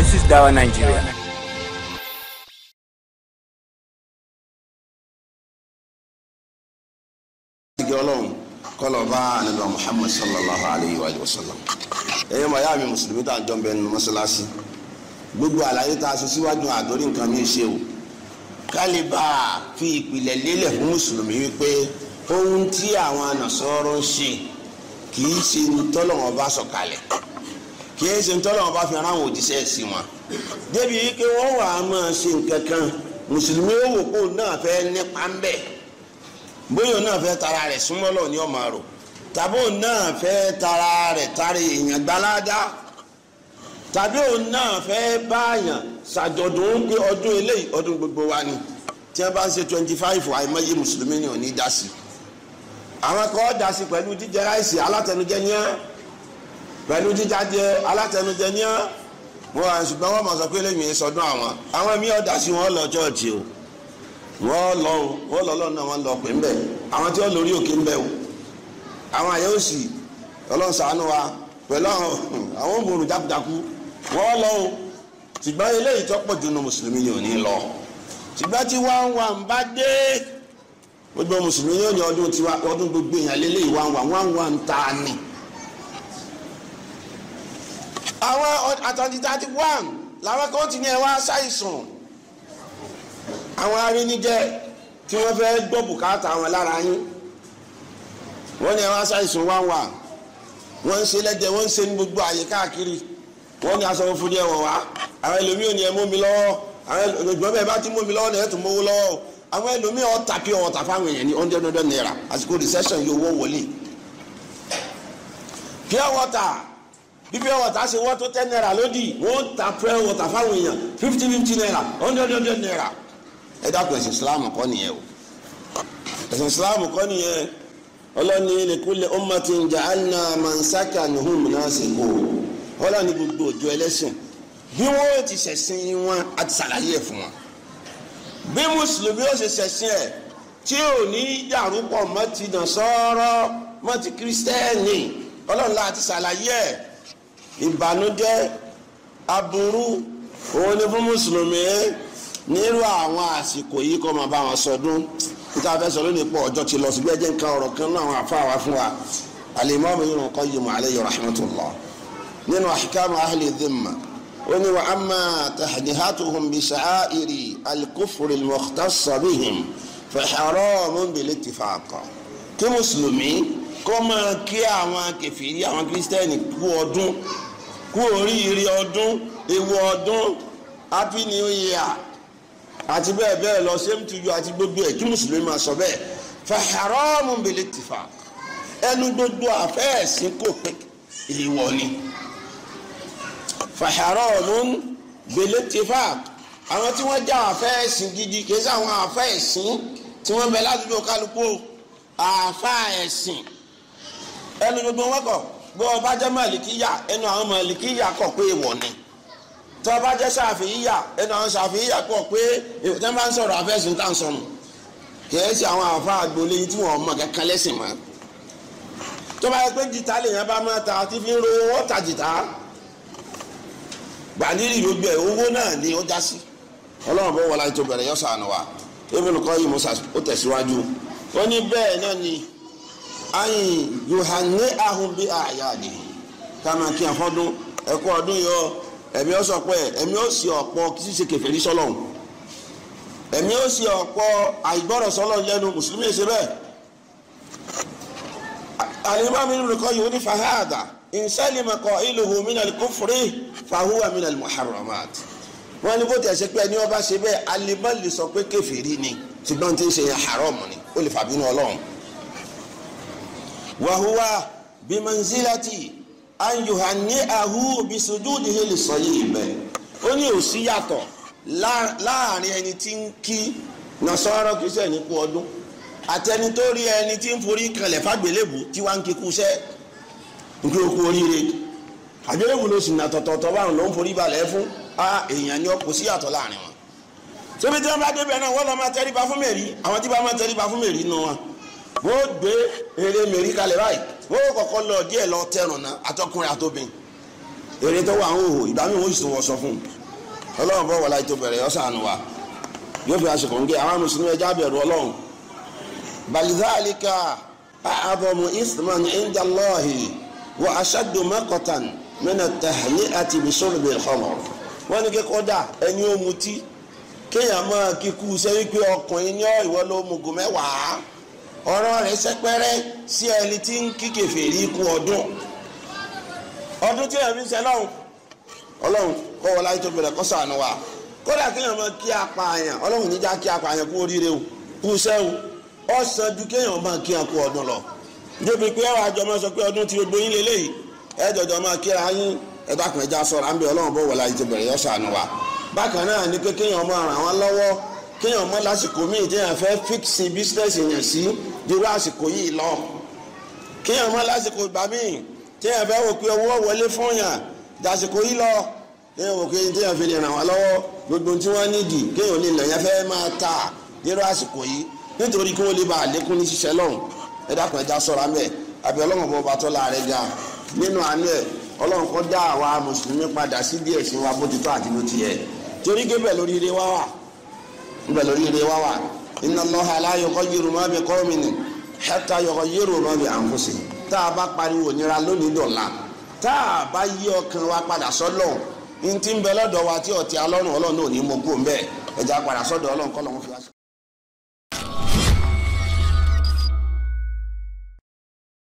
This is Dawa Nigeria. Ọlọ́run kọlọ̀ bá ànábì Muhammad sallallahu alayhi wa sallam. Ẹyẹ màá yá mi Mùsùlùmí tá à ń jọ bẹ́ẹ̀ nínú mọ́ṣáláṣí. Gbogbo àlàyé tá a ṣe síwájú àdórí nǹkan mi ṣe o. Kálíbà fi ìpìlẹ̀ lélẹ̀ fún Mùsùlùmí wípé ohun tí àwọn ànàsọ́rọ̀ ń ṣe kì í ṣe ní tọ́lọ́wọ́n bá kì í ṣe ọba fi ara wọn òjíṣẹ́ sí wọn débi á máa ṣe nǹkan mùsùlùmí ó kó náà fẹ́ nípa ń bẹ̀ náà fẹ́ tara rẹ̀ súnmọ́ ní ọmọ rò tàbí náà fẹ́ tara rẹ̀ tari èèyàn gbalada tàbí òun náà fẹ́ báyàn ṣàjọ̀dún pé ọdún eléyìí ọdún gbogbo wa ni tí bá ń ṣe twenty pẹ̀lú jíjájẹ alátẹnujẹ ní án mo wà ṣùgbọ́n wọ́n mọ̀ sọ pé lèmi sọdún àwọn àwọn mi ọ̀dà sí wọn lọ chọ́ọ̀chì o wọ́n lọ wọ́n lọ lọ́nà wọn lọ pé ń bẹ̀ àwọn tí wọ́n lórí òkè ń bẹ̀ o àwọn àyẹ̀wò sì ọlọ́run ṣàánú wa pẹ̀lú àwọn òmùrùn jákujáku wọ́n lọ o ṣùgbọ́n eléyìí tó pọ̀ jùlọ mùsùlùmí yìí ò ní lọ ṣùgbọ́n tí wọ́n wà ń bá dé gbogbo mùsùlùmí yóò ní ọdún tiwa ọdún gbogbo èèyàn lélẹ́yìí wà ń wà wọ́n wà ń ta ni àwọn àtàndì thirty one làwọn kan ti ní ẹ wá ṣàìsàn àwọn aríníjẹ tí wọ́n fẹ́ gbọ́ bùkátà wọn lára yín wọ́n ní ẹ wá ṣàìsàn wá wà wọ́n ń ṣe lẹ́jẹ̀ wọ́n ń ṣe ní gbogbo àyè káàkiri wọ́n ní aṣọ fúnni ẹ̀wọ̀n wá àwọn ẹlòmíì ò ní ẹ mú mi lọ́wọ́ àwọn ẹlòmíì bẹ́ẹ̀ bá ti mú mi lọ́wọ́ ní ẹ tún mówó lọ́wọ́ àwọn ẹlòmíì ọ̀tà pé ọ̀tà fáwọn èèyàn ní hundred hundred naira àsìkò recession yóò wọ́ wọlé pure water bíbí ọ̀tá ṣe wọ́n tó ten naira lódì wọ́n ta pure water fáwọn èèyàn fifty fifty naira hundred hundred naira ẹ dákun ẹ̀sìn Islam kọ́ nìyẹn o ẹ̀sìn Islam kọ́ nìyẹn ọlọ́ni lèkúlẹ̀ ummatin ja'alna mansaka nuhum nasiku ọlọ́ni gbogbo òjò ẹlẹ́sìn bí wọ́n ti ṣẹ̀sìn wọn àti ṣàlàyé ẹ̀ fún wọn bí mùsùlùmí ó ṣe ṣẹ̀sìn ẹ̀ tí ò ní dàrúpọ̀ mọ́ ti dàn sọ́ọ́rọ́ mọ́ ti kírísítẹ́nì ọlọ́run láti ṣàlàyé ẹ̀ ìbànújẹ́ aburú òun ni fún mùsùlùmí nírú àwọn àsìkò yìí kọ́ máa bá wọn sọdún níta fẹ́ sọ lónìí pọ̀ ọjọ́ ti lọ sí gbẹ́jẹ́ nǹkan ọ̀rọ̀ kan náà àwọn àfáà wá fún wa alimami Ibn Qayyim alayhi rahmatullah nínú ahkamu ahli dhimma ó ní wa amma tahdihatuhum bi sha'airi al-kufri al-mukhtassa bihim fa haramun bil kí mùsùlùmí kọ́ máa kí àwọn kẹfìrí àwọn kírísítẹ́nì kú ọdún kú oríire ọdún ewu ọdún happy new year àti bẹ́ẹ̀ bẹ́ẹ̀ lọ same to you àti gbogbo ẹ̀ kí mùsùlùmí máa sọ bẹ́ẹ̀ fàhàrọ́ọ̀mù bèlè tìfà ẹnu gbogbo àfẹ́ẹ̀sìn kò pé èèwọ̀ ni fàhàrọ́ọ̀mù bèlè tìfà àwọn tí wọ́n já àfẹ́ẹ̀sìn gidi kì í sáwọn àfẹ́ẹ̀sìn tí wọ́n bẹ ládùúgbò kálukú àfáà ẹ̀sìn. ẹnu gbogbo wọn kọ bó o bá jẹ́ màlìkíyà ẹnu àwọn ni tó o bá jẹ́ ṣàfihíyà ẹnu àwọn ṣàfihíyà kọ̀ pé ìwọ tí wọ́n bá ń sọ̀rọ̀ àfẹ́sùn tá à ń sọnù kìí àwọn àfa àgbòlé yìí tí ta àti fi ń ro owó ta jìtá gbogbo owó náà ni ó já sí ọlọ́run bó bẹ̀rẹ̀ wa ebi yìí mo tẹ̀síwájú ní bẹ́ẹ̀ náà ni. ayin yohane ahun bi ayade kama kí afọdún ẹkọ ọdún yọ ẹmí ó sọpọ ẹ ẹmí ó sì ọ̀pọ̀ kìí ṣe kèfèrí sọ́lọ́run ẹmí ó sì ọ̀pọ̀ àìgbọ́rọ̀ sọ́lọ́run lẹ́nu mùsùlùmí ṣe bẹ́ẹ̀ alimami nìkọ yìí ó ní fahada ìnsẹ́lìmọ̀kọ ìlúhu minal kufri fahuwa minal muharramat wọn ní bó tẹ̀ ṣe pé ẹni ọba ṣe bẹ́ẹ̀ alimọ́lì sọ pé kèfèrí ni ṣùgbọ́n tí ń ṣe haram ni ó lè fàbínú ọlọ́run wàhùwà bimanzilati anyuhani ahu bisujudi heli sọlí ibẹ ó ní òsì yàtọ̀ láàrin ẹni tí ń kí nasọrọ kìsẹ nípò ọdún àtẹni tó rí ẹni tí ń forí kalẹ̀ fàgbélébù tí wàá ń kíkú sẹ nítorí okú oríire àgbélébù ló sì nà tọ̀tọ̀tọ̀ báwọn ló ń forí balẹ̀ fún a èèyàn ni kò sí yàtọ̀ láàrin wọn. sóbi tí wọn bá débẹ̀ náà wọ́n lọ́ọ́ máa tẹríba fún mẹ́rin àwọn tí wọ́n máa tẹríba fún mẹ́rin nù wọn. wọ́n gbé eré mèrí kalẹ̀ báyìí wọ́n kọ́kọ́ lọ díẹ̀ lọ tẹrùn náà atọ́kùnrin àtòbìn eré tó wà ń hò ìgbà mi wọ́n fún un ọlọ́run bọ́ bẹ̀rẹ̀ wa yóò fi àṣekọ̀ mùsùlùmí ẹja bẹ̀rù ọlọ́run isman ọ̀rọ̀ rẹ̀ sẹ́pẹ́rẹ́ sí ẹni tí ń kí kèfèrí kú ọdún ọdún tí ẹ̀mí ṣe lọ́hùn ọlọ́hùn kọ́ wọlé ayé tó bẹ̀rẹ̀ kọ́ sànù wa kódà kéèyàn máa kí apààyàn ọlọ́hùn kí apààyàn kú oríire o kú sẹ́wọ̀n ọ̀sán ju kéèyàn kí lọ pé àjọ máa sọ pé ọdún tí gbogbo yín lélẹ́yìí ẹ̀ẹ́dọ̀dọ̀ máa kíra yín ẹ̀dá kan sọ̀rọ̀ à ń bẹ ọlọ́hùn bọ̀ wọlé tó bẹ̀rẹ̀ wa bákan kéèyàn mọ lásìkò míì téèyàn fẹ́ fíksì bísínẹ́sì yẹn sí dirú àsìkò yìí lọ kéèyàn mọ lásìkò ìgbà míì téèyàn fẹ́ wò pé owó wọlé fún yàn dàsìkò yìí lọ téèyàn wò pé téèyàn fi lè ràn wá lọ́wọ́ gbogbo tí wọ́n nídìí kéèyàn lè lọ yẹn fẹ́ máa ta dirú àsìkò yìí nítorí kí wọ́n lè bá àlékún ní ṣiṣẹ́ lọ́hùn ẹ dákun ẹja sọ̀rọ̀ amẹ́ àbí ọlọ́run bọ́ bá tọ́ níbẹ̀ lórí ire wá wà inna Allaha la yughayyiru ma bi qawmin hatta yughayyiru ma bi anfusihim tá a bá pariwo nira lónìí dọ̀la tá a bá yí ọkàn wa padà sọ́lọ̀ ní ti ń bẹ lọ́dọ̀ wa tí ọ̀tí alọ́run ọlọ́run ò ní mú kó ń bẹ́ẹ̀ ẹ̀já padà sọ́dọ̀ ọlọ́run kọ́ lọ́run fi wá sí.